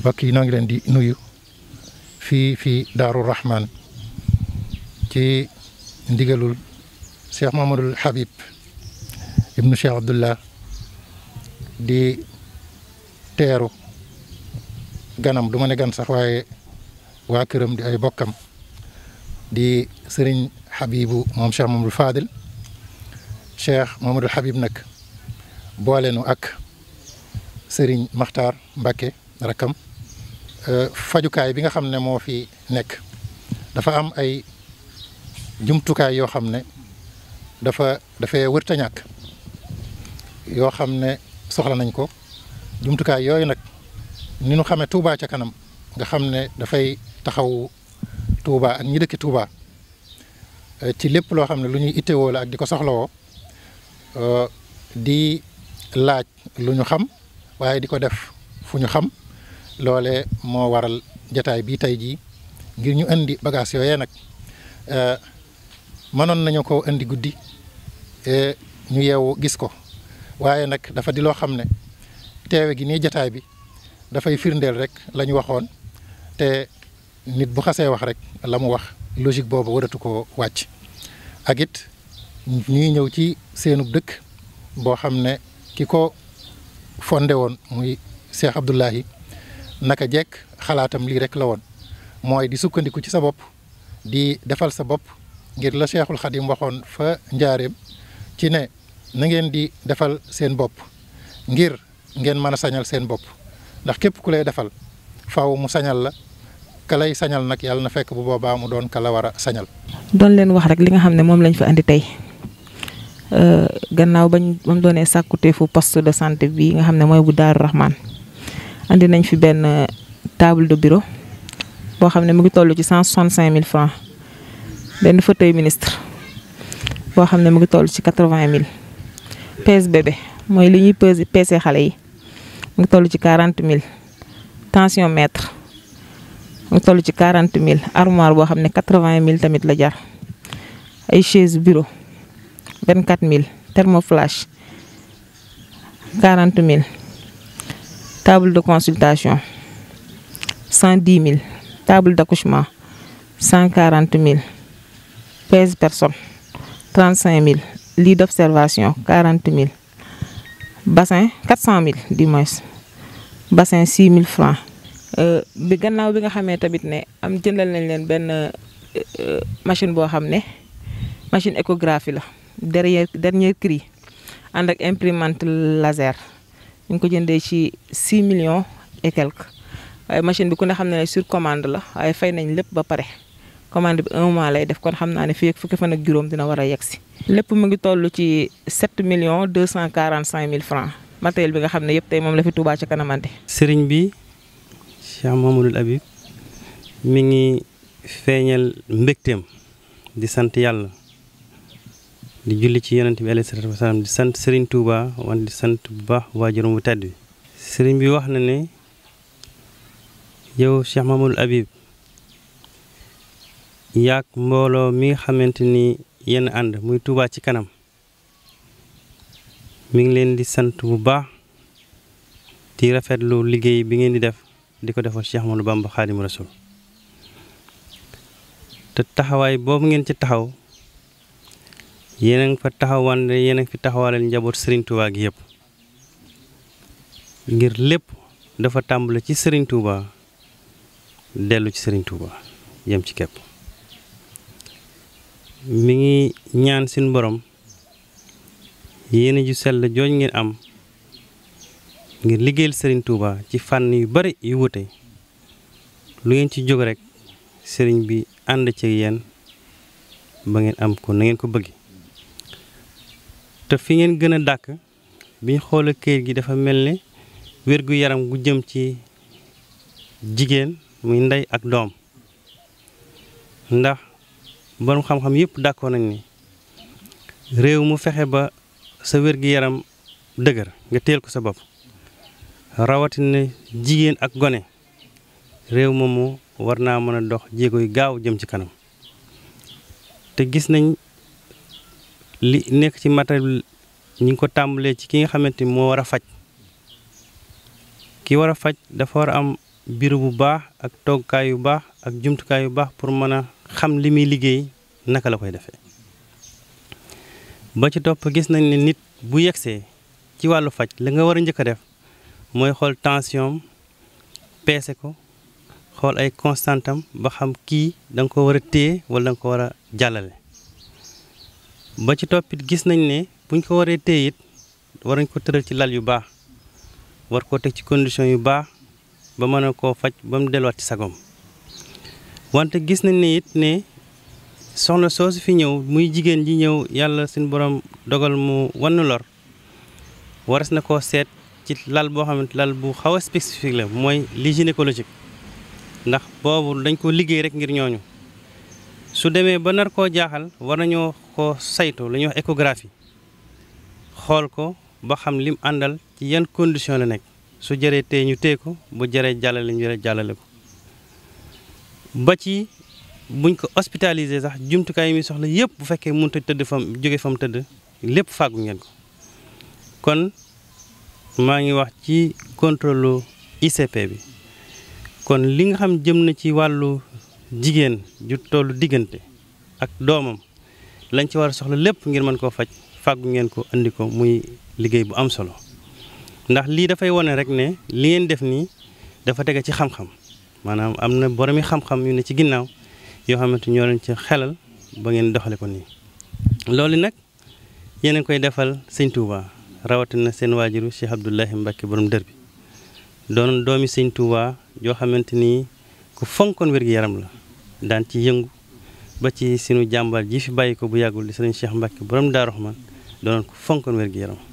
mbokk yi noo ngi leen di nuyu fii fii Daaru Rahman ci ndigalul Cheikh Mamadul Habib ibnu Cheikh Abdullah di teeru ganam duma ma ne gan sax waaye waa këram di ay bokkam di sëriñ Habibu moom Cheikh Mamadul Fadil Cheikh Mamadul Habib nag boole nu ak sëriñ Makhtar Mbacke rakkam Euh, fajukaay bi nga xam ne moo fi nekk dafa am ay jumtukaay yoo xam ne dafa dafay wërta ñàkk yoo xam ne soxla nañ ko jumtukaay yooyu nag ni nu xame Touba ca kanam nga xam ne dafay taxaw Touba ak ñi dëkki Touba euh, ci lépp loo xam ne lu ñuy ittewoo la ak di ko soxlawoo euh, di laaj lu ñu xam waaye di ko def fu ñu xam loole moo waral jataay bi tey jii ngir ñu indi bagage yooyee nag eh, mënoon nañu ko indi guddi eh, ñu yeewu gis ko waaye nag dafa di loo xam ne teewe gi nii jataay bi dafay firndeel rek la waxoon te nit bu xasee wax rek la mu wax logique boobu waratu ko wàcc ak it ñuy ñëw ci seenu dëkk boo xam ne ki ko fonde woon muy Cheikh Abdoulahi naka jekk xalaatam lii rek la woon mooy di sukkandiku ci sa bopp di defal sa bopp ngir la seexul Xadim waxoon fa njaareem ci ne na ngeen di defal seen bopp ngir ngeen mën a sañal seen bopp ndax képp ku lay defal faaw mu sañal la ka lay sañal nag yàlla na fekk bu boobaa mu doon ka la war a sañal. doon leen wax rek li nga xam ne moom lañ fa indi tey euh, gannaaw bañ ba mu doonee sàkkuteefu poste de santé bi nga xam ne mooy bu Daaru Rahman. andi nañ fi benn euh, table de bureau boo xam ne mu ngi toll ci cent soixante cinq mille francs benn fauteuil ministre boo xam ne mu ngi toll ci quatre vingt mille pèse bébé mooy li ñuy pesé pesé xale yi mu ngi toll ci quarante mille tension mètre mu ngi toll ci quarante mille armoire boo xam ne quatre vingt mille tamit la jar ay chaise bureau vingt quatre mille thermoflash quarante mille table de consultation cent dix mille table d'accouchement cent quarante mille pèse personne trente cinq mille lit d'observation quarante mille bassin quatre cent mille di moins bassin six mille francs euh, bi gannaaw bi nga xamee tamit ne am jëndal nañ leen benn euh, euh, machine boo xam ne machine écographie la derrière dernier cri ànd ak imprimante laser ñu ngi ko jëndee ci 6 millions et quelque waaye machine bi ku ne xam ne sur commande la waaye fay nañ lépp ba pare commande bi un mois lay def kon xam naa ne fii ak fukki fan ak juróom dina war a yegg si. lépp mu ngi toll ci 7 millions 245 mille francs matériel bi nga xam ne yëpp tey moom la fi Touba ca kanam andi. sëriñ bi Cheikh Mamadou Habib mi ngi feeñal mbégteem di sant yàlla. di julli ci yonent bi alayhi salaatu wasalaam di sant Serigne Touba wante di sant bu baax waajuram bu tedd bi Serigne bi wax na ne yow Cheikh Mamadou Habib yaag mbooloo mi nga xamante ni yenn ànd muy Touba ci kanam mi ngi leen di sant bu baax di rafetlu liggéey bi ngeen di def di ko defal Cheikh Ahmadou Bamba Xaadimu Rasul te taxawaay boobu ngeen ci taxaw yéen a ngi fa taxawaan yéen a ngi fi taxawaaleel njaboot Serigne Touba gi yëpp ngir lépp dafa tàmbale ci sëriñ Touba dellu ci Serigne Touba yem ci képp mi ngi ñaan suñu borom yéen ju sell jooj ngeen am ngir liggéeyal sëriñ Touba ci fànn yu bari yu wute lu ngeen ci jóg rek sëriñ bi ànd ci yéen ba ngeen am ko na ngeen ko bëgg te fi ngeen gën a dàkk biñ ñu xoolee këyit gi dafa mel ne wérgu yaram gu jëm ci jigéen muy ndey ak doom ndax borom xam-xam yëpp dàkkoo nañ ni réew mu fexe ba sa wérgu yaram dëgër nga teel ko sa bopp rawatina jigéen ak gone réew moomu war naa mën a dox jéego yu gaaw jëm ci kanam te gis nañ li nekk ci matériel ñi ngi ko tàmbalee ci ki nga xamante ni moo war a faj ki war a faj dafa war a am biir bu baax ak toggukaay yu baax ak jumtukaay yu baax pour mën a xam li muy liggéey naka la koy defee ba ci topp gis nañ ne nit bu yegsee ci wàllu faj la nga war a njëkk a def mooy xool tensiyon peese ko xool ay constantam ba xam kii danga ko war a téye wala danga ko war a jàllale ba ci toppit gis nañ ne buñ ko waree téye it war nañ ko tëral ci lal yu baax war koo teg ci condition yu baax ba mën a koo faj ba mu delluwaat ci sagom wante gis nañ ne it ne soxna soosu fi ñëw muy jigéen ji ñëw yàlla suñu borom dogal mu wann lor waras na koo seet ci lal boo xamante lal bu xaw a spécifique la mooy li gynécologique ndax boobu dañ ko liggéey rek ngir ñooñu su demee ba nar koo jaaxal war nañoo ko saytu lu ñuy wax échographie xool ko ba xam lim àndal ci yan condition la nekk su jëree tee ñu tee ko bu jëree jàllale ñu jàllale ko ba ci buñ ko hospitalisé sax jumtukaay yi muy soxla yëpp bu fekkee mënut a tëdd fam jóge fam tëdd lépp fàggu ngeen ko kon maa ngi wax ci contrôle ICP bi kon li nga xam jëm na ci wàllu jigéen ju tollu diggante ak doomam lañ ci war a soxla lépp ngir mën koo faj fàggu ngeen ko indi ko muy liggéey bu am solo ndax lii dafay wone rek ne li ngeen def nii dafa tege ci xam-xam maanaam am na boromi xam-xam yu ne ci ginnaaw yoo xamante ñoo leen ci xelal ba ngeen doxale ko nii loolu nag yéen koy defal sëñ Touba rawatina seen waajuru Cheikh Abdoulahi Mbacke borom dër bi doon doomi sëñ Touba yoo xamante ni ku fonkoon wér-gi-yaram la daan ci yëngu ba ci sunu jàmbaar ji fi bàyyi ko bu yàggul di sëriñ Cheikh Mbacke borom Daaru Rahman doonoon ko fonkoon wér-gu-yaram